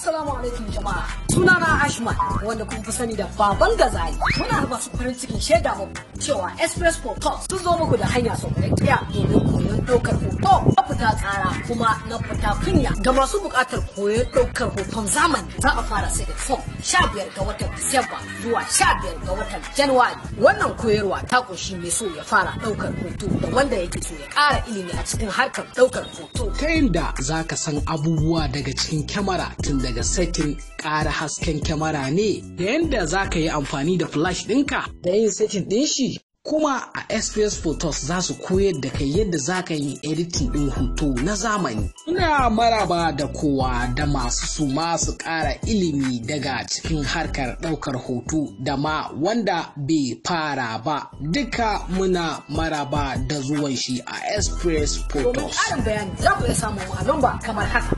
Assalamu alaikum jama'a. Suna na Ashman wanda kun fi sani da baban gazali. Muna masu farin cikin shaida muku cewa Express Talks sun zo muku da hanya sau ɗaya domin koyo ɗaukar hoto a fita tsara kuma na fita kunya ga masu buƙatar koyon ɗaukar hoton zamani za a fara sai da fom sha biyar ga watan disamba zuwa sha ga watan januwari wannan koyarwa ta ƙunshi mai so ya fara ɗaukar hoto da wanda yake so ya ƙara ilimi a cikin harkar ɗaukar hoto. ta yadda za ka san abubuwa daga cikin kyamara tun daga setin ƙara hasken kyamara ne da yadda za ka yi amfani da flash ɗinka da yin setin ɗin shi kuma a SPS photos za su koyar da kai yadda za ka yi editing ɗin hoto na zamani ina maraba da kowa da masu su masu ƙara ilimi daga cikin harkar ɗaukar hoto da ma wanda bai fara ba duka muna maraba da zuwan shi a SPS photos domin ƙarin bayani za ku iya samun ba kamar haka